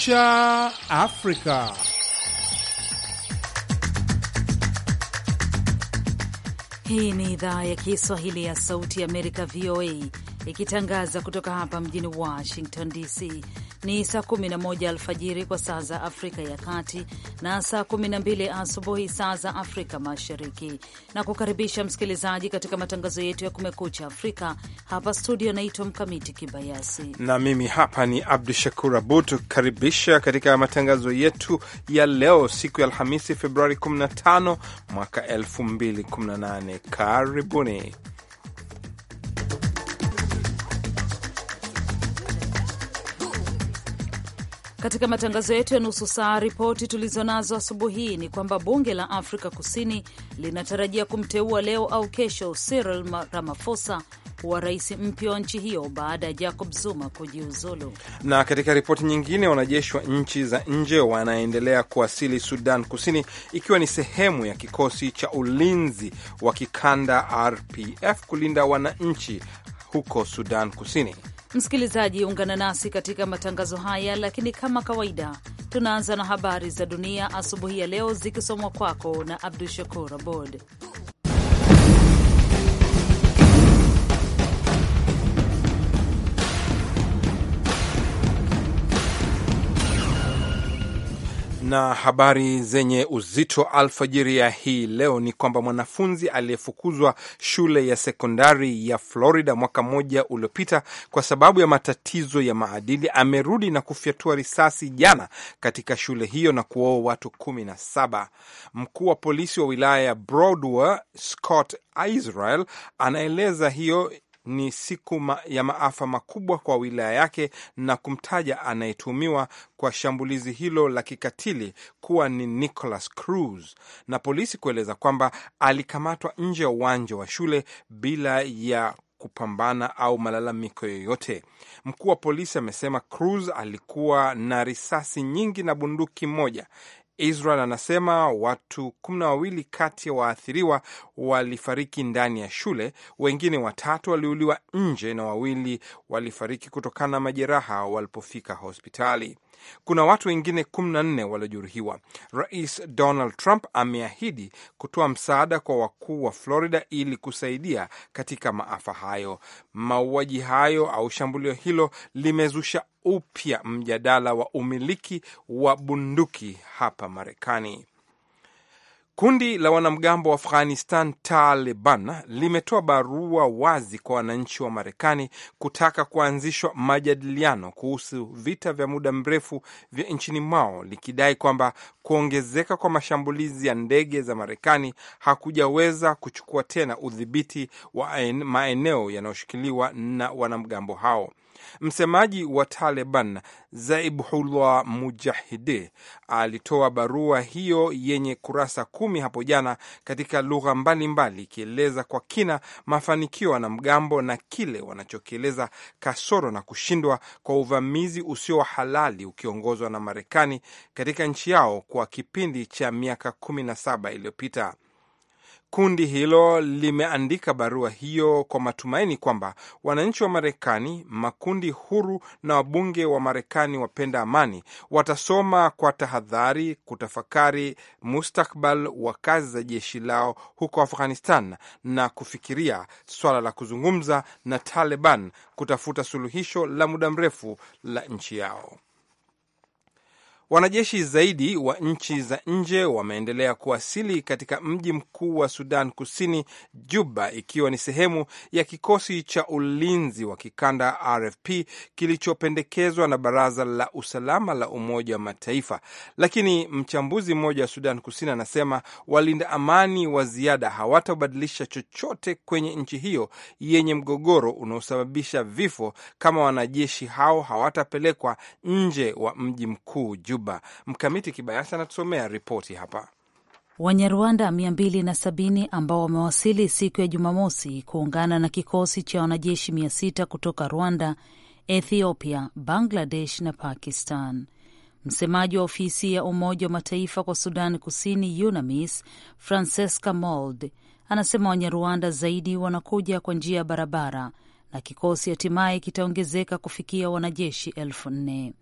Kumekucha Afrika. Hii ni idhaa ya Kiswahili ya Sauti ya Amerika, VOA, ikitangaza kutoka hapa mjini Washington DC ni saa 11 alfajiri kwa saa za Afrika ya Kati na saa 12 asubuhi saa za Afrika Mashariki, na kukaribisha msikilizaji katika matangazo yetu ya Kumekucha Afrika. Hapa studio naitwa Mkamiti Kibayasi na mimi hapa ni Abdu Shakur Abud, tukukaribisha katika matangazo yetu ya leo, siku ya Alhamisi Februari 15 mwaka 2018. Karibuni. Katika matangazo yetu ya nusu saa, ripoti tulizonazo asubuhi hii ni kwamba bunge la Afrika Kusini linatarajia kumteua leo au kesho Cyril Ramaphosa kuwa rais mpya wa nchi hiyo baada ya Jacob Zuma kujiuzulu. Na katika ripoti nyingine, wanajeshi wa nchi za nje wanaendelea kuwasili Sudan Kusini ikiwa ni sehemu ya kikosi cha ulinzi wa kikanda RPF kulinda wananchi huko Sudan Kusini. Msikilizaji, ungana nasi katika matangazo haya, lakini kama kawaida, tunaanza na habari za dunia asubuhi ya leo zikisomwa kwako na Abdu Shakur Abod. Na habari zenye uzito alfajiri ya hii leo ni kwamba mwanafunzi aliyefukuzwa shule ya sekondari ya Florida mwaka mmoja uliopita kwa sababu ya matatizo ya maadili amerudi na kufyatua risasi jana katika shule hiyo na kuwaua watu kumi na saba. Mkuu wa polisi wa wilaya ya Broward Scott Israel anaeleza hiyo ni siku ma ya maafa makubwa kwa wilaya yake na kumtaja anayetuhumiwa kwa shambulizi hilo la kikatili kuwa ni Nicolas Cruz na polisi kueleza kwamba alikamatwa nje ya uwanja wa shule bila ya kupambana au malalamiko yoyote. Mkuu wa polisi amesema Cruz alikuwa na risasi nyingi na bunduki moja Israel anasema watu kumi na wawili kati ya waathiriwa walifariki ndani ya shule, wengine watatu waliuliwa nje na wawili walifariki kutokana na majeraha walipofika hospitali. Kuna watu wengine 14 waliojeruhiwa. Rais Donald Trump ameahidi kutoa msaada kwa wakuu wa Florida ili kusaidia katika maafa hayo. Mauaji hayo au shambulio hilo limezusha upya mjadala wa umiliki wa bunduki hapa Marekani. Kundi la wanamgambo wa Afghanistan Taliban limetoa barua wazi kwa wananchi wa Marekani kutaka kuanzishwa majadiliano kuhusu vita vya muda mrefu vya nchini mwao likidai kwamba kuongezeka kwa mashambulizi ya ndege za Marekani hakujaweza kuchukua tena udhibiti wa maeneo yanayoshikiliwa na wanamgambo hao. Msemaji wa Taliban Zaibullah Mujahidi alitoa barua hiyo yenye kurasa kumi hapo jana katika lugha mbalimbali, ikieleza kwa kina mafanikio wanamgambo na kile wanachokieleza kasoro na kushindwa kwa uvamizi usio wa halali ukiongozwa na Marekani katika nchi yao kwa kipindi cha miaka kumi na saba iliyopita. Kundi hilo limeandika barua hiyo kwa matumaini kwamba wananchi wa Marekani, makundi huru na wabunge wa Marekani wapenda amani watasoma kwa tahadhari, kutafakari mustakbal wa kazi za jeshi lao huko Afghanistan na kufikiria swala la kuzungumza na Taliban kutafuta suluhisho la muda mrefu la nchi yao. Wanajeshi zaidi wa nchi za nje wameendelea kuwasili katika mji mkuu wa Sudan Kusini, Juba, ikiwa ni sehemu ya kikosi cha ulinzi wa kikanda RFP kilichopendekezwa na Baraza la Usalama la Umoja wa Mataifa. Lakini mchambuzi mmoja wa Sudan Kusini anasema walinda amani wa ziada hawatabadilisha chochote kwenye nchi hiyo yenye mgogoro unaosababisha vifo kama wanajeshi hao hawatapelekwa nje wa mji mkuu Juba. Juba. Mkamiti Kibayasi anatusomea ripoti hapa. Wanyarwanda 270 ambao wamewasili siku ya Jumamosi kuungana na kikosi cha wanajeshi 600 kutoka Rwanda, Ethiopia, Bangladesh na Pakistan. Msemaji wa ofisi ya Umoja wa Mataifa kwa Sudani Kusini, UNAMIS, Francesca Mold anasema Wanyarwanda zaidi wanakuja kwa njia ya barabara na kikosi hatimaye kitaongezeka kufikia wanajeshi elfu nne.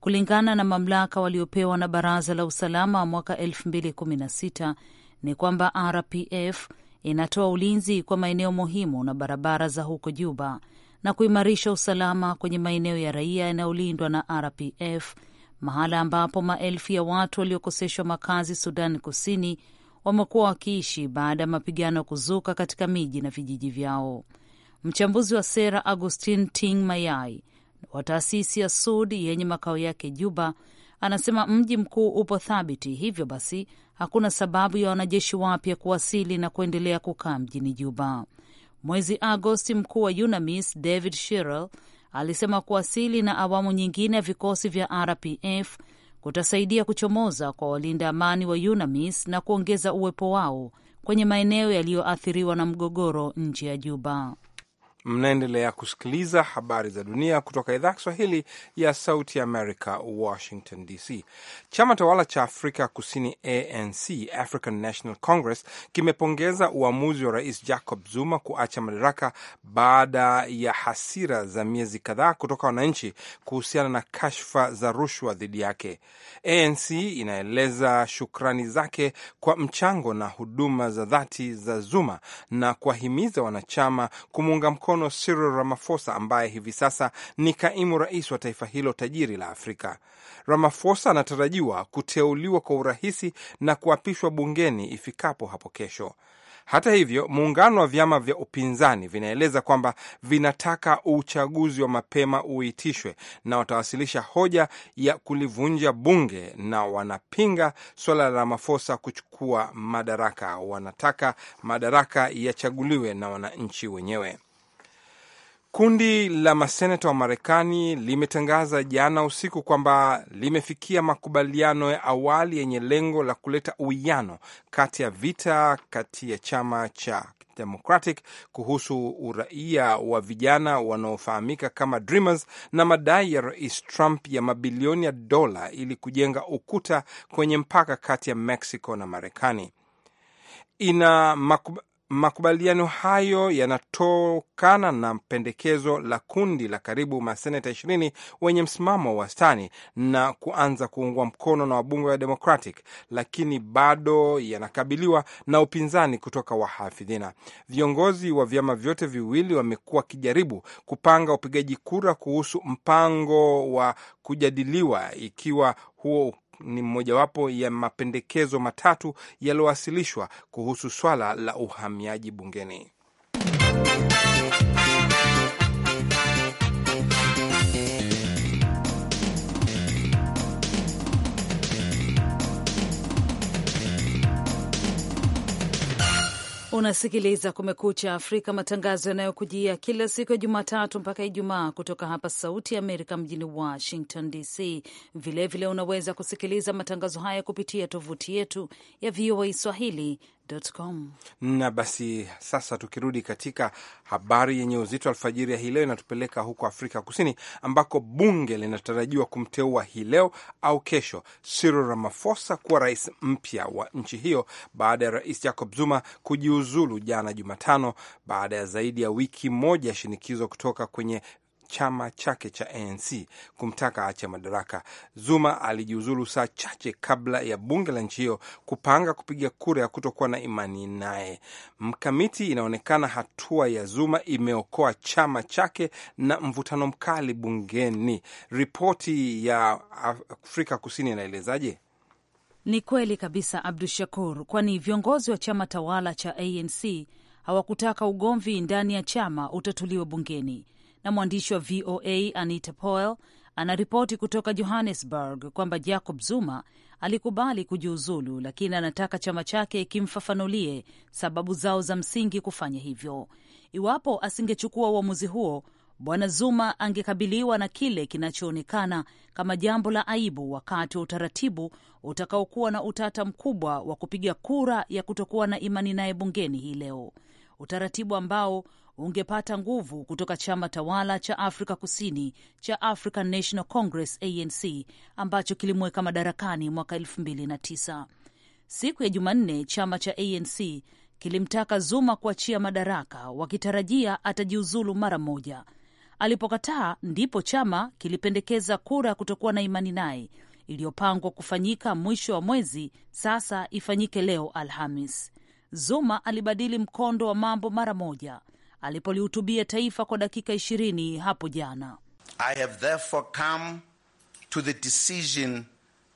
Kulingana na mamlaka waliopewa na Baraza la Usalama mwaka 2016 ni kwamba RPF inatoa ulinzi kwa maeneo muhimu na barabara za huko Juba na kuimarisha usalama kwenye maeneo ya raia yanayolindwa na RPF, mahala ambapo maelfu ya watu waliokoseshwa makazi Sudan Kusini wamekuwa wakiishi baada ya mapigano kuzuka katika miji na vijiji vyao. Mchambuzi wa sera Augustin Ting Mayai wa taasisi ya Sud yenye makao yake Juba anasema mji mkuu upo thabiti, hivyo basi hakuna sababu ya wanajeshi wapya kuwasili na kuendelea kukaa mjini Juba. Mwezi Agosti, mkuu wa UNAMIS David shirel alisema kuwasili na awamu nyingine ya vikosi vya RPF kutasaidia kuchomoza kwa walinda amani wa UNAMIS na kuongeza uwepo wao kwenye maeneo yaliyoathiriwa na mgogoro nje ya Juba. Mnaendelea kusikiliza habari za dunia kutoka idhaa ya Kiswahili ya Sauti America, Washington DC. Chama tawala cha Afrika Kusini, ANC, African National Congress, kimepongeza uamuzi wa Rais Jacob Zuma kuacha madaraka baada ya hasira za miezi kadhaa kutoka wananchi kuhusiana na kashfa za rushwa dhidi yake. ANC inaeleza shukrani zake kwa mchango na huduma za dhati za Zuma na kuwahimiza wanachama kumuunga mkono mkono Cyril Ramaphosa ambaye hivi sasa ni kaimu rais wa taifa hilo tajiri la Afrika. Ramaphosa anatarajiwa kuteuliwa kwa urahisi na kuapishwa bungeni ifikapo hapo kesho. Hata hivyo, muungano wa vyama vya upinzani vinaeleza kwamba vinataka uchaguzi wa mapema uitishwe na watawasilisha hoja ya kulivunja bunge, na wanapinga suala la Ramaphosa kuchukua madaraka. Wanataka madaraka yachaguliwe na wananchi wenyewe. Kundi la maseneta wa Marekani limetangaza jana usiku kwamba limefikia makubaliano ya awali yenye lengo la kuleta uwiano kati ya vita kati ya chama cha Democratic kuhusu uraia wa vijana wanaofahamika kama Dreamers na madai ya Rais Trump ya mabilioni ya dola ili kujenga ukuta kwenye mpaka kati ya Mexico na Marekani. Ina maku, Makubaliano hayo yanatokana na pendekezo la kundi la karibu maseneta ishirini wenye msimamo wa wastani na kuanza kuungwa mkono na wabunge wa Democratic, lakini bado yanakabiliwa na upinzani kutoka wahafidhina. Viongozi wa vyama vyote viwili wamekuwa wakijaribu kupanga upigaji kura kuhusu mpango wa kujadiliwa ikiwa huo ni mmojawapo ya mapendekezo matatu yaliyowasilishwa kuhusu swala la uhamiaji bungeni. Unasikiliza Kumekucha Afrika, matangazo yanayokujia kila siku ya Jumatatu mpaka Ijumaa kutoka hapa Sauti ya Amerika mjini Washington DC. Vilevile unaweza kusikiliza matangazo haya kupitia tovuti yetu ya VOA Swahili na basi sasa, tukirudi katika habari yenye uzito alfajiri ya hii leo, inatupeleka huko Afrika Kusini ambako bunge linatarajiwa kumteua hii leo au kesho Cyril Ramaphosa kuwa rais mpya wa nchi hiyo baada ya rais Jacob Zuma kujiuzulu jana Jumatano baada ya zaidi ya wiki moja ya shinikizo kutoka kwenye chama chake cha ANC kumtaka aache madaraka. Zuma alijiuzulu saa chache kabla ya bunge la nchi hiyo kupanga kupiga kura ya kutokuwa na imani naye. Mkamiti, inaonekana hatua ya Zuma imeokoa chama chake na mvutano mkali bungeni. Ripoti ya Afrika Kusini inaelezaje? Ni kweli kabisa, Abdu Shakur, kwani viongozi wa chama tawala cha ANC hawakutaka ugomvi ndani ya chama utatuliwe bungeni na mwandishi wa VOA Anita Powell anaripoti kutoka Johannesburg kwamba Jacob Zuma alikubali kujiuzulu, lakini anataka chama chake kimfafanulie sababu zao za msingi kufanya hivyo. Iwapo asingechukua uamuzi huo, Bwana Zuma angekabiliwa na kile kinachoonekana kama jambo la aibu wakati wa utaratibu utakaokuwa na utata mkubwa wa kupiga kura ya kutokuwa na imani naye bungeni hii leo, utaratibu ambao ungepata nguvu kutoka chama tawala cha Afrika Kusini cha African National Congress ANC ambacho kilimweka madarakani mwaka 2009. Siku ya Jumanne chama cha ANC kilimtaka Zuma kuachia madaraka, wakitarajia atajiuzulu mara moja. Alipokataa, ndipo chama kilipendekeza kura ya kutokuwa na imani naye iliyopangwa kufanyika mwisho wa mwezi sasa ifanyike leo Alhamis. Zuma alibadili mkondo wa mambo mara moja alipolihutubia taifa kwa dakika ishirini hapo jana. I have therefore come to the decision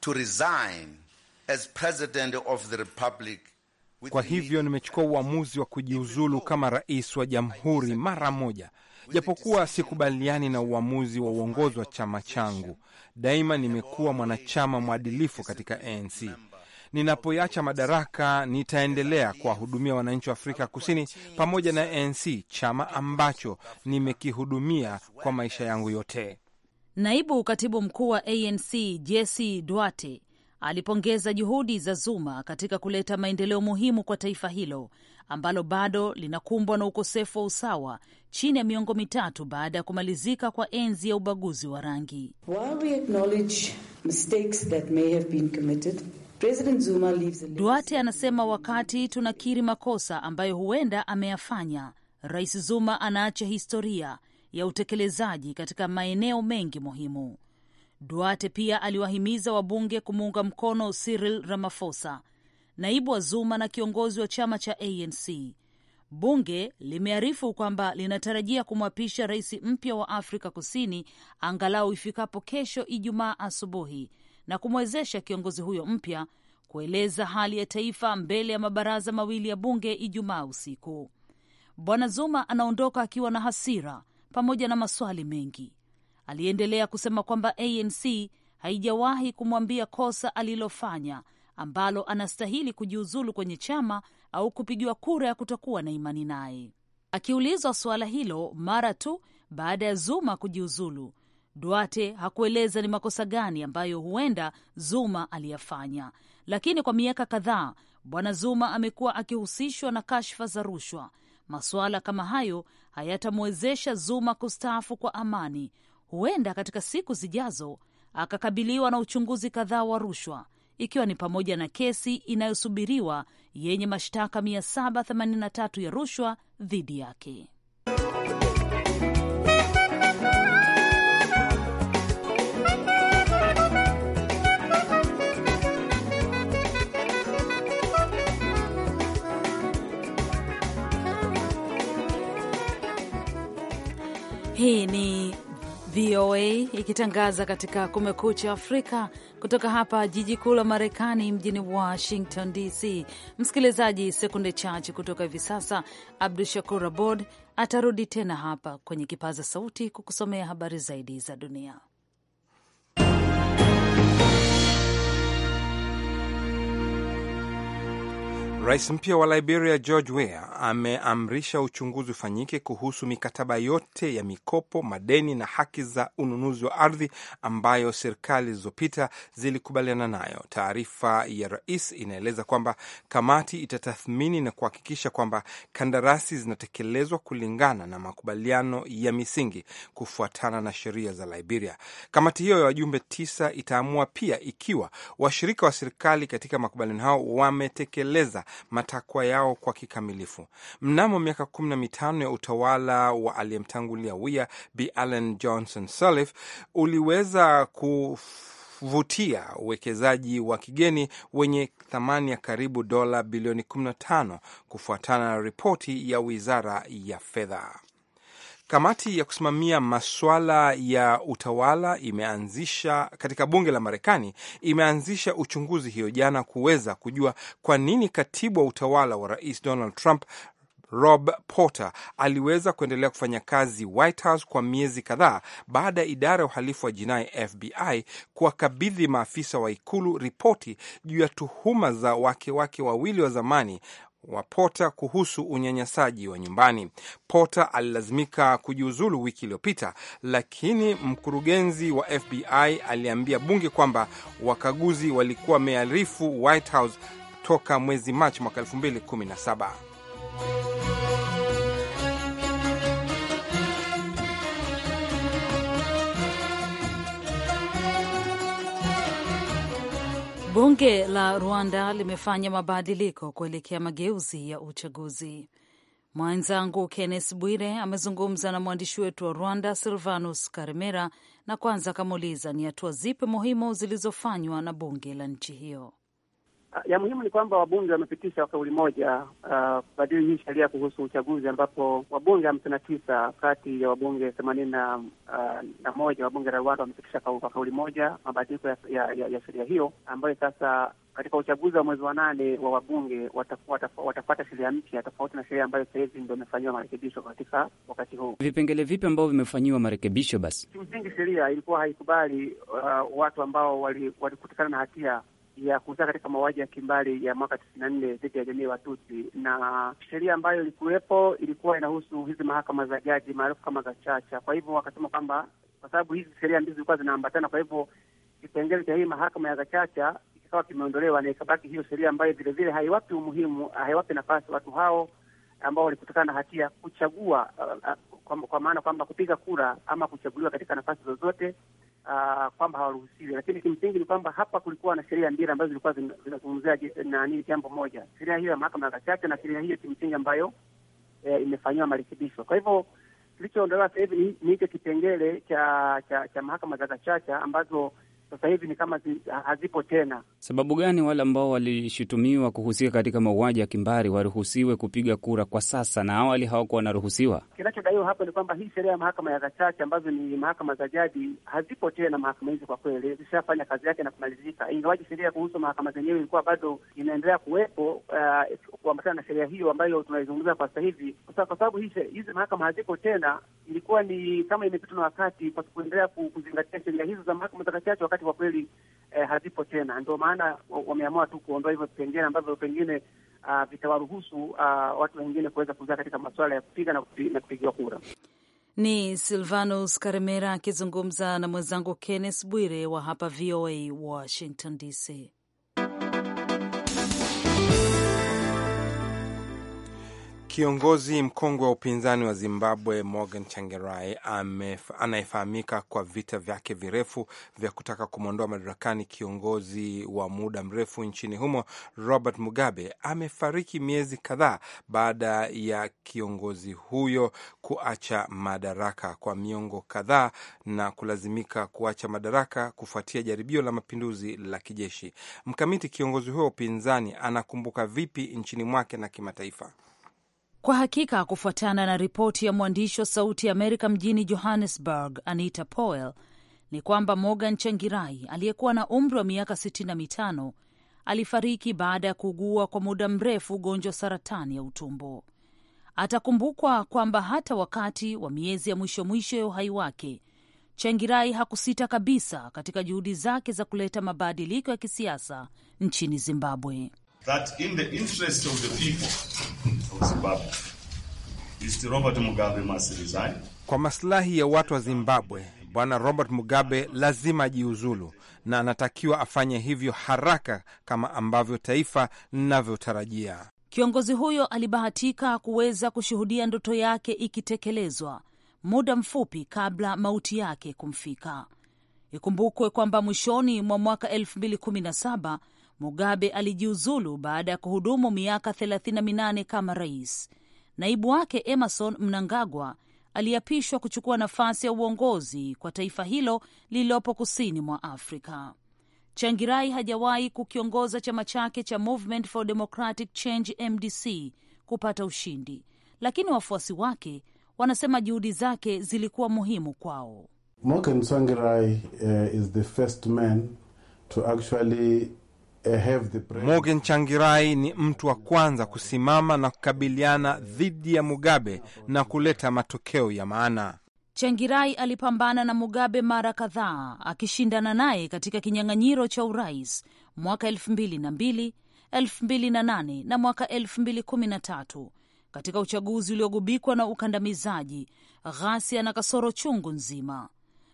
to resign as president of the republic. Kwa hivyo nimechukua uamuzi wa kujiuzulu kama rais wa jamhuri mara moja, japokuwa sikubaliani na uamuzi wa uongozi wa chama changu. Daima nimekuwa mwanachama mwadilifu katika ANC ninapoiacha madaraka nitaendelea kuwahudumia wananchi wa Afrika Kusini pamoja na ANC, chama ambacho nimekihudumia kwa maisha yangu yote. Naibu katibu mkuu wa ANC Jesse Duarte alipongeza juhudi za Zuma katika kuleta maendeleo muhimu kwa taifa hilo ambalo bado linakumbwa na ukosefu wa usawa chini ya miongo mitatu baada ya kumalizika kwa enzi ya ubaguzi wa rangi. Duarte anasema wakati tunakiri makosa ambayo huenda ameyafanya, Rais Zuma anaacha historia ya utekelezaji katika maeneo mengi muhimu. Duarte pia aliwahimiza wabunge kumuunga mkono Cyril Ramaphosa, naibu wa Zuma na kiongozi wa chama cha ANC. Bunge limearifu kwamba linatarajia kumwapisha rais mpya wa Afrika Kusini angalau ifikapo kesho Ijumaa asubuhi na kumwezesha kiongozi huyo mpya kueleza hali ya taifa mbele ya mabaraza mawili ya bunge Ijumaa usiku. Bwana Zuma anaondoka akiwa na hasira pamoja na maswali mengi. Aliendelea kusema kwamba ANC haijawahi kumwambia kosa alilofanya ambalo anastahili kujiuzulu kwenye chama au kupigiwa kura ya kutokuwa na imani naye. Akiulizwa suala hilo mara tu baada ya Zuma kujiuzulu, Duarte hakueleza ni makosa gani ambayo huenda Zuma aliyafanya, lakini kwa miaka kadhaa Bwana Zuma amekuwa akihusishwa na kashfa za rushwa. Masuala kama hayo hayatamwezesha Zuma kustaafu kwa amani. Huenda katika siku zijazo akakabiliwa na uchunguzi kadhaa wa rushwa, ikiwa ni pamoja na kesi inayosubiriwa yenye mashtaka 783 ya rushwa dhidi yake. Hii ni VOA ikitangaza katika Kumekucha Afrika kutoka hapa jiji kuu la Marekani, mjini Washington DC. Msikilizaji, sekunde chache kutoka hivi sasa, Abdu Shakur Abod atarudi tena hapa kwenye kipaza sauti kukusomea habari zaidi za dunia. Rais mpya wa Liberia George Weah ameamrisha uchunguzi ufanyike kuhusu mikataba yote ya mikopo, madeni na haki za ununuzi wa ardhi ambayo serikali zilizopita zilikubaliana nayo. Taarifa ya rais inaeleza kwamba kamati itatathmini na kuhakikisha kwamba kandarasi zinatekelezwa kulingana na makubaliano ya misingi kufuatana na sheria za Liberia. Kamati hiyo ya wajumbe tisa itaamua pia ikiwa washirika wa serikali katika makubaliano hao wametekeleza matakwa yao kwa kikamilifu. Mnamo miaka kumi na mitano ya utawala wa aliyemtangulia Wia B Allen Johnson Sirleaf uliweza ku vutia uwekezaji wa kigeni wenye thamani ya karibu dola bilioni 15 kufuatana na ripoti ya Wizara ya Fedha. Kamati ya kusimamia maswala ya utawala imeanzisha katika bunge la Marekani imeanzisha uchunguzi hiyo jana kuweza kujua kwa nini katibu wa utawala wa rais Donald Trump Rob Porter aliweza kuendelea kufanya kazi White House kwa miezi kadhaa baada ya idara ya uhalifu wa jinai FBI kuwakabidhi maafisa wa ikulu ripoti juu ya tuhuma za wake wake wawili wa zamani wa Porter kuhusu unyanyasaji wa nyumbani. Porter alilazimika kujiuzulu wiki iliyopita, lakini mkurugenzi wa FBI aliambia bunge kwamba wakaguzi walikuwa wamearifu White House toka mwezi Machi mwaka 2017. Bunge la Rwanda limefanya mabadiliko kuelekea mageuzi ya uchaguzi. Mwenzangu Kennes Bwire amezungumza na mwandishi wetu wa Rwanda Silvanus Karemera na kwanza akamuuliza ni hatua zipi muhimu zilizofanywa na bunge la nchi hiyo. Ah, ya muhimu ni kwamba wabunge wamepitisha kauli moja kubadili ah, uh, hii sheria kuhusu uchaguzi ambapo wabunge hamsini na tisa kati ya wabunge themanini na uh, na moja wabunge la Rwanda wamepitisha kwa kauli moja mabadiliko ya, ya, ya, ya sheria hiyo ambayo sasa katika uchaguzi wa mwezi wa nane wa wabunge watafuata sheria mpya tofauti na sheria ambayo sahizi ndo imefanyiwa marekebisho katika wakati huu. Vipengele vipi ambavyo vimefanyiwa marekebisho? Basi kimsingi sheria ilikuwa haikubali uh, watu ambao walikutikana wali na hatia ya kuzaa katika mauaji ya kimbali ya mwaka tisini na nne dhidi ya jamii ya Watusi, na sheria ambayo ilikuwepo ilikuwa inahusu hizi mahakama za jaji maarufu kama gachacha. Kwa hivyo wakasema kwamba kwa sababu hizi sheria ndizo zilikuwa zinaambatana, kwa hivyo kipengele cha hii mahakama ya Gachacha kikawa kimeondolewa na ikabaki hiyo sheria ambayo vilevile haiwapi umuhimu, haiwapi nafasi watu hao ambao walikutikana na hatia kuchagua uh, uh, kwa, kwa maana kwamba kupiga kura ama kuchaguliwa katika nafasi zozote uh, kwamba hawaruhusiwi, lakini kimsingi ni kwamba hapa kulikuwa na sheria mbili ambazo zilikuwa zinazungumzia nani jambo moja, sheria hiyo ya mahakama ya Gacaca na sheria hiyo kimsingi ambayo eh, imefanyiwa marekebisho. Kwa hivyo kilichoondolewa sasa hivi ni hicho kipengele cha cha, cha mahakama za Gacaca ambazo sasa hivi ni kama zi, hazipo tena. Sababu gani wale ambao walishutumiwa kuhusika katika mauaji ya kimbari waruhusiwe kupiga kura kwa sasa na awali hawakuwa wanaruhusiwa? Kinachodaiwa hapo ni kwamba hii sheria ya mahakama ya kachache ambazo ni mahakama za jadi hazipo tena. Mahakama hizi kwa kweli zishafanya kazi yake na kumalizika, ingawaji sheria kuhusu mahakama zenyewe ilikuwa bado inaendelea kuwepo uh, kuambatana na sheria hiyo ambayo tunaizungumza kwa sasa hivi, kwa sababu hizi mahakama hazipo tena, ilikuwa ni kama imepitwa na wakati kwa kuendelea kuzingatia sheria hizo za mahakama za kachache wakati wakati kwa kweli eh, hazipo tena. Ndio maana wameamua tu kuondoa hivyo vipengele ambavyo pengine uh, vitawaruhusu uh, watu wengine kuweza kuzaa katika masuala ya kupiga na, kupi, na kupigiwa kura. Ni Silvanus Karemera akizungumza na mwenzangu Kenneth Bwire wa hapa VOA Washington DC. Kiongozi mkongwe wa upinzani wa Zimbabwe Morgan changerai anayefahamika kwa vita vyake virefu vya kutaka kumwondoa madarakani kiongozi wa muda mrefu nchini humo Robert Mugabe amefariki miezi kadhaa baada ya kiongozi huyo kuacha madaraka kwa miongo kadhaa na kulazimika kuacha madaraka kufuatia jaribio la mapinduzi la kijeshi. Mkamiti, kiongozi huyo wa upinzani anakumbuka vipi nchini mwake na kimataifa? Kwa hakika, kufuatana na ripoti ya mwandishi wa Sauti ya Amerika mjini Johannesburg, Anita Powell, ni kwamba Morgan Changirai aliyekuwa na umri wa miaka 65 alifariki baada ya kuugua kwa muda mrefu ugonjwa saratani ya utumbo. Atakumbukwa kwamba hata wakati wa miezi ya mwisho mwisho ya uhai wake Changirai hakusita kabisa katika juhudi zake za kuleta mabadiliko ya kisiasa nchini Zimbabwe. That in the interest of the people, kwa maslahi ya watu wa Zimbabwe, Bwana Robert Mugabe lazima ajiuzulu na anatakiwa afanye hivyo haraka kama ambavyo taifa linavyotarajia. Kiongozi huyo alibahatika kuweza kushuhudia ndoto yake ikitekelezwa muda mfupi kabla mauti yake kumfika. Ikumbukwe kwamba mwishoni mwa mwaka 2017 Mugabe alijiuzulu baada ya kuhudumu miaka 38 kama rais. Naibu wake Emerson Mnangagwa aliapishwa kuchukua nafasi ya uongozi kwa taifa hilo lililopo kusini mwa Afrika. Changirai hajawahi kukiongoza chama chake cha Movement for Democratic Change MDC kupata ushindi, lakini wafuasi wake wanasema juhudi zake zilikuwa muhimu kwao. Mockheng Tsvangirai uh, is the first man to actually Morgan Changirai ni mtu wa kwanza kusimama na kukabiliana dhidi ya Mugabe na kuleta matokeo ya maana. Changirai alipambana na Mugabe mara kadhaa akishindana naye katika kinyang'anyiro cha urais mwaka elfu mbili na mbili, elfu mbili na nane na mwaka elfu mbili kumi na tatu katika uchaguzi uliogubikwa na ukandamizaji, ghasia na kasoro chungu nzima.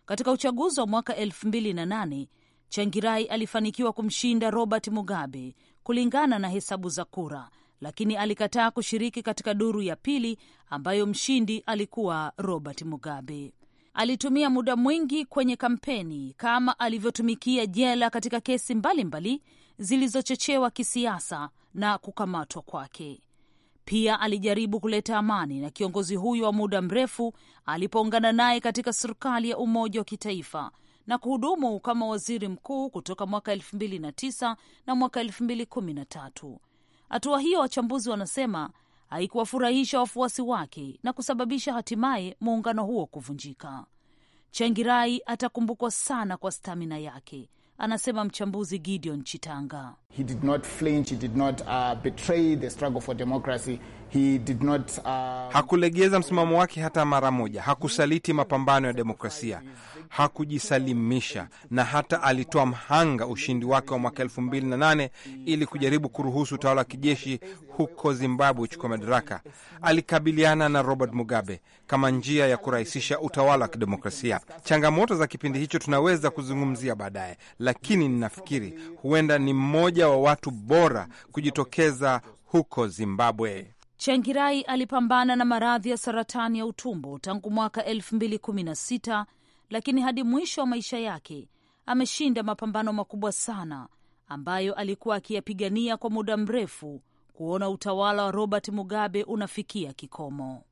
Katika uchaguzi wa mwaka elfu mbili na nane Changirai alifanikiwa kumshinda Robert Mugabe kulingana na hesabu za kura, lakini alikataa kushiriki katika duru ya pili ambayo mshindi alikuwa Robert Mugabe. Alitumia muda mwingi kwenye kampeni kama alivyotumikia jela katika kesi mbalimbali zilizochochewa kisiasa na kukamatwa kwake. Pia alijaribu kuleta amani na kiongozi huyo wa muda mrefu alipoungana naye katika serikali ya umoja wa kitaifa na kuhudumu kama waziri mkuu kutoka mwaka 2009 na mwaka 2013. Hatua hiyo wachambuzi wanasema haikuwafurahisha wafuasi wake na kusababisha hatimaye muungano huo kuvunjika. Changirai atakumbukwa sana kwa stamina yake, anasema mchambuzi Gideon Chitanga. He did not flinch, he did not, uh, betray the struggle for democracy. He did not, uh... hakulegeza msimamo wake hata mara moja, hakusaliti mapambano ya demokrasia hakujisalimisha na hata alitoa mhanga ushindi wake wa mwaka nane ili kujaribu kuruhusu utawala wa kijeshi huko Zimbabwe uchukua madaraka. Alikabiliana na Robert Mugabe kama njia ya kurahisisha utawala wa kidemokrasia. Changamoto za kipindi hicho tunaweza kuzungumzia baadaye, lakini ninafikiri huenda ni mmoja wa watu bora kujitokeza huko Zimbabwe. Changirai alipambana na maradhi ya saratani ya utumbo tangu mwaka 2016 lakini hadi mwisho wa maisha yake ameshinda mapambano makubwa sana ambayo alikuwa akiyapigania kwa muda mrefu kuona utawala wa Robert Mugabe unafikia kikomo.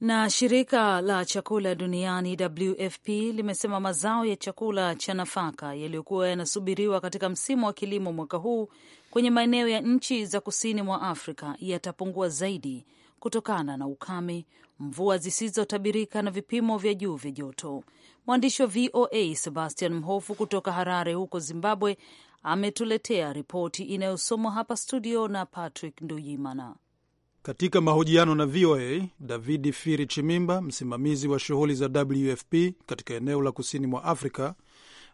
Na shirika la chakula duniani WFP limesema mazao ya chakula cha nafaka yaliyokuwa yanasubiriwa katika msimu wa kilimo mwaka huu kwenye maeneo ya nchi za kusini mwa Afrika yatapungua zaidi kutokana na ukame, mvua zisizotabirika na vipimo vya juu vya joto. Mwandishi wa VOA Sebastian Mhofu kutoka Harare huko Zimbabwe ametuletea ripoti inayosomwa hapa studio na Patrick Nduyimana. Katika mahojiano na VOA, Davidi Firi Chimimba, msimamizi wa shughuli za WFP katika eneo la kusini mwa Afrika,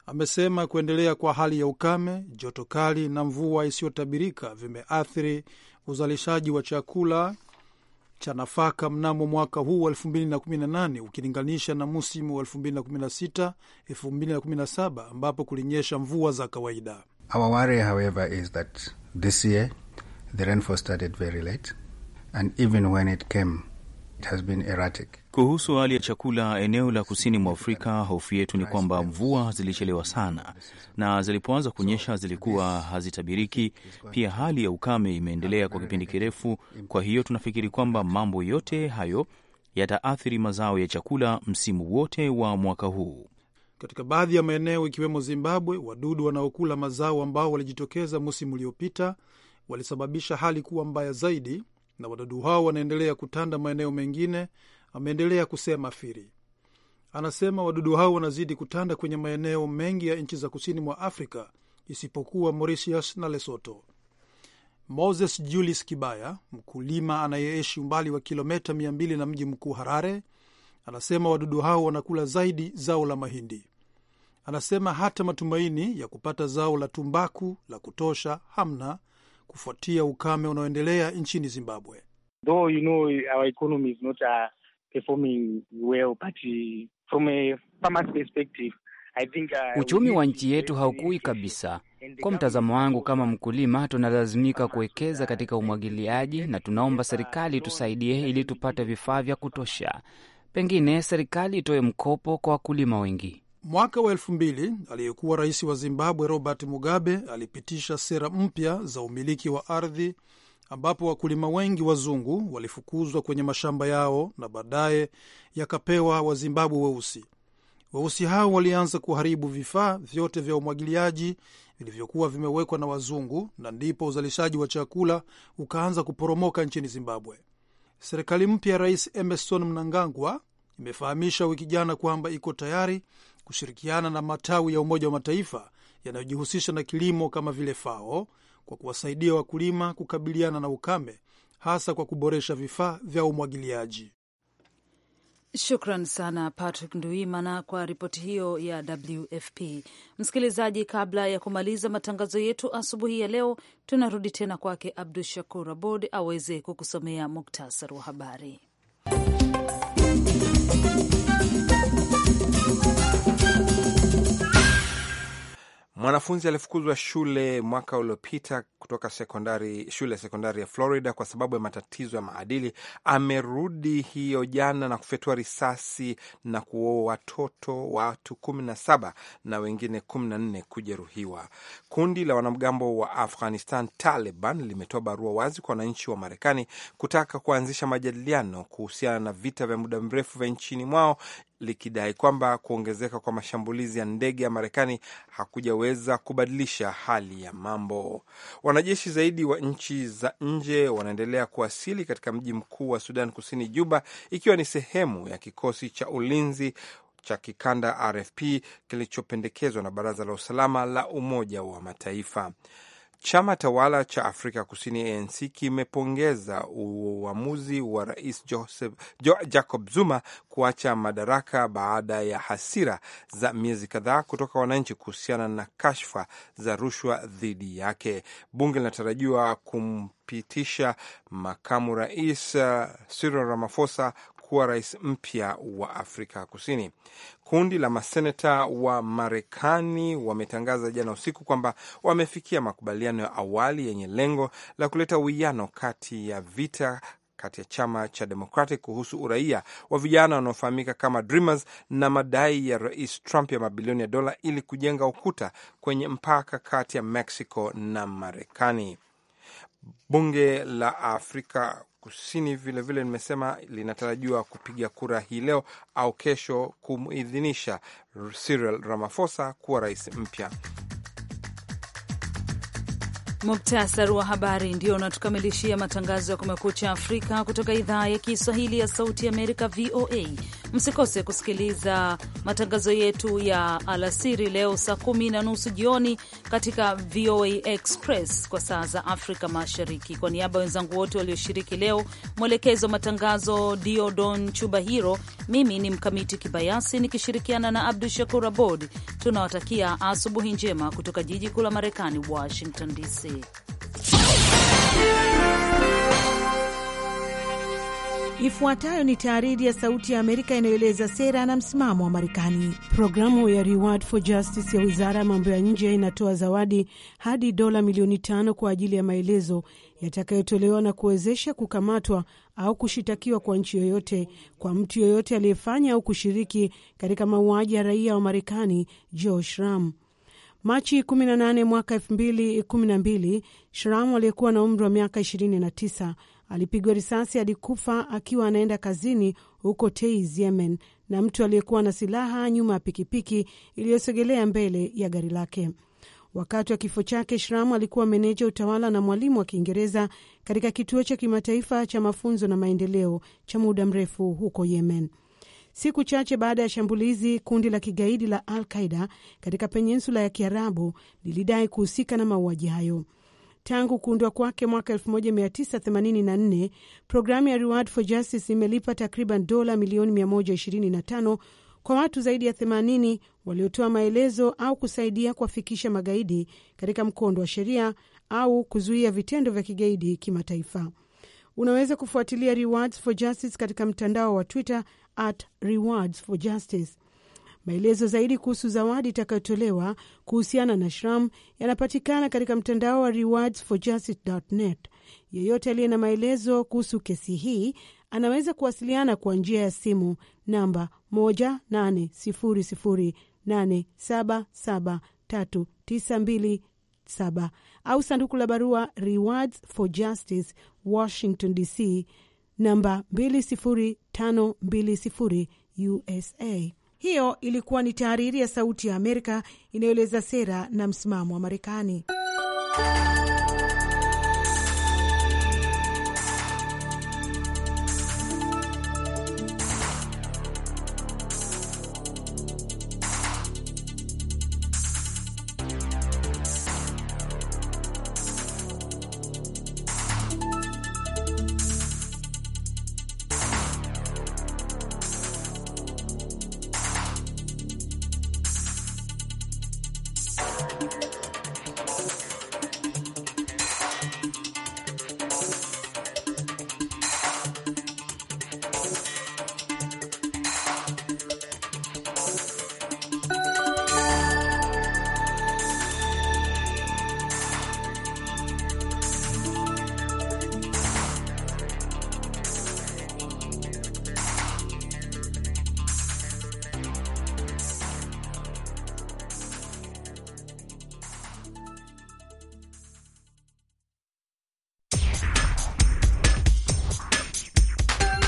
amesema kuendelea kwa hali ya ukame, joto kali na mvua isiyotabirika vimeathiri uzalishaji wa chakula cha nafaka mnamo mwaka huu wa 2018 ukilinganisha na msimu wa 2016 2017 ambapo kulinyesha mvua za kawaida. Our worry, however, is that this year, the rainfall started very late and even when it came, it has been erratic. Kuhusu hali ya chakula eneo la kusini mwa Afrika, hofu yetu ni kwamba mvua zilichelewa sana na zilipoanza kunyesha zilikuwa hazitabiriki. Pia hali ya ukame imeendelea kwa kipindi kirefu, kwa hiyo tunafikiri kwamba mambo yote hayo yataathiri mazao ya chakula msimu wote wa mwaka huu. Katika baadhi ya maeneo ikiwemo Zimbabwe, wadudu wanaokula mazao ambao walijitokeza msimu uliopita walisababisha hali kuwa mbaya zaidi, na wadudu hao wanaendelea kutanda maeneo mengine, ameendelea kusema Firi. Anasema wadudu hao wanazidi kutanda kwenye maeneo mengi ya nchi za kusini mwa Afrika isipokuwa Mauritius na lesoto Moses Julius Kibaya, mkulima anayeishi umbali wa kilometa 200 na mji mkuu Harare, anasema wadudu hao wanakula zaidi zao la mahindi. Anasema hata matumaini ya kupata zao la tumbaku la kutosha hamna, kufuatia ukame unaoendelea nchini Zimbabwe. Uh, uh, uh, uchumi wa nchi yetu haukui kabisa. Kwa mtazamo wangu kama mkulima, tunalazimika kuwekeza katika umwagiliaji na tunaomba serikali tusaidie ili tupate vifaa vya kutosha. Pengine serikali itoe mkopo kwa wakulima wengi. Mwaka wa elfu mbili aliyekuwa rais wa Zimbabwe Robert Mugabe alipitisha sera mpya za umiliki wa ardhi ambapo wakulima wengi wazungu walifukuzwa kwenye mashamba yao na baadaye yakapewa Wazimbabwe weusi. Weusi hao walianza kuharibu vifaa vyote vya umwagiliaji vilivyokuwa vimewekwa na wazungu, na ndipo uzalishaji wa chakula ukaanza kuporomoka nchini Zimbabwe. Serikali mpya ya Rais Emerson Mnangagwa imefahamisha wiki jana kwamba iko tayari kushirikiana na matawi ya Umoja wa Mataifa yanayojihusisha na kilimo kama vile FAO kwa kuwasaidia wakulima kukabiliana na ukame hasa kwa kuboresha vifaa vya umwagiliaji. Shukran sana Patrick Nduimana kwa ripoti hiyo ya WFP. Msikilizaji, kabla ya kumaliza matangazo yetu asubuhi ya leo, tunarudi tena kwake Abdu Shakur Abod aweze kukusomea muktasari wa habari. Mwanafunzi alifukuzwa shule mwaka uliopita kutoka sekondari, shule ya sekondari ya Florida kwa sababu ya matatizo ya maadili amerudi hiyo jana na kufyatua risasi na kuua watoto watu kumi na saba na wengine kumi na nne kujeruhiwa. Kundi la wanamgambo wa Afghanistan Taliban limetoa barua wazi kwa wananchi wa Marekani kutaka kuanzisha majadiliano kuhusiana na vita vya muda mrefu vya nchini mwao likidai kwamba kuongezeka kwa mashambulizi ya ndege ya Marekani hakujaweza kubadilisha hali ya mambo. Wanajeshi zaidi wa nchi za nje wanaendelea kuwasili katika mji mkuu wa Sudan Kusini, Juba, ikiwa ni sehemu ya kikosi cha ulinzi cha kikanda RFP kilichopendekezwa na Baraza la Usalama la Umoja wa Mataifa. Chama tawala cha Afrika Kusini ANC kimepongeza uamuzi wa rais Joseph, jo, Jacob Zuma kuacha madaraka baada ya hasira za miezi kadhaa kutoka wananchi kuhusiana na kashfa za rushwa dhidi yake. Bunge linatarajiwa kumpitisha makamu rais uh, Cyril Ramaphosa kuwa rais mpya wa Afrika Kusini. Kundi la maseneta wa Marekani wametangaza jana usiku kwamba wamefikia makubaliano ya awali yenye lengo la kuleta uwiano kati ya vita kati ya chama cha Democratic kuhusu uraia wa vijana wanaofahamika kama Dreamers na madai ya Rais Trump ya mabilioni ya dola ili kujenga ukuta kwenye mpaka kati ya Mexico na Marekani. Bunge la Afrika Kusini vilevile nimesema linatarajiwa kupiga kura hii leo au kesho kumidhinisha Cyril Ramaphosa kuwa rais mpya. Muktasari wa habari ndio unatukamilishia matangazo ya Kumekucha Afrika kutoka idhaa ya Kiswahili ya Sauti Amerika, VOA Msikose kusikiliza matangazo yetu ya alasiri leo saa kumi na nusu jioni katika VOA Express kwa saa za Afrika Mashariki. Kwa niaba ya wenzangu wote walioshiriki leo, mwelekezo wa matangazo Diodon Chubahiro, mimi ni Mkamiti Kibayasi nikishirikiana na Abdu Shakur Abod, tunawatakia asubuhi njema kutoka jiji kuu la Marekani, Washington DC. Ifuatayo ni taariri ya Sauti ya Amerika inayoeleza sera na msimamo wa Marekani. Programu ya Reward for Justice ya Wizara ya Mambo ya Nje inatoa zawadi hadi dola milioni tano kwa ajili ya maelezo yatakayotolewa na kuwezesha kukamatwa au kushitakiwa kwa nchi yoyote kwa mtu yoyote aliyefanya au kushiriki katika mauaji ya raia wa Marekani Joe Shram. Machi 18 mwaka 2012, Shram aliyekuwa na umri wa miaka 29 alipigwa risasi kufa akiwa anaenda kazini huko Taiz, Yemen, na mtu aliyekuwa na silaha nyuma ya pikipiki iliyosogelea mbele ya gari lake. Wakati wa kifo chake, Shramu alikuwa meneja utawala na mwalimu wa Kiingereza katika kituo cha kimataifa cha mafunzo na maendeleo cha muda mrefu huko Yemen. Siku chache baada ya shambulizi, kundi la kigaidi la Al Qaida katika peninsula ya Kiarabu lilidai kuhusika na mauaji hayo. Tangu kuundwa kwake mwaka 1984 programu ya Reward for Justice imelipa takriban dola milioni 125 kwa watu zaidi ya 80 waliotoa maelezo au kusaidia kuwafikisha magaidi katika mkondo wa sheria au kuzuia vitendo vya kigaidi kimataifa. Unaweza kufuatilia Rewards for Justice katika mtandao wa Twitter at Rewards for Justice. Maelezo zaidi kuhusu zawadi itakayotolewa kuhusiana na Shram yanapatikana katika mtandao wa rewardsforjustice.net. Yeyote aliye na maelezo kuhusu kesi hii anaweza kuwasiliana kwa njia ya simu namba 18008773927 au sanduku la barua Rewards for Justice, Washington DC, namba 20520 USA. Hiyo ilikuwa ni tahariri ya Sauti ya Amerika inayoeleza sera na msimamo wa Marekani.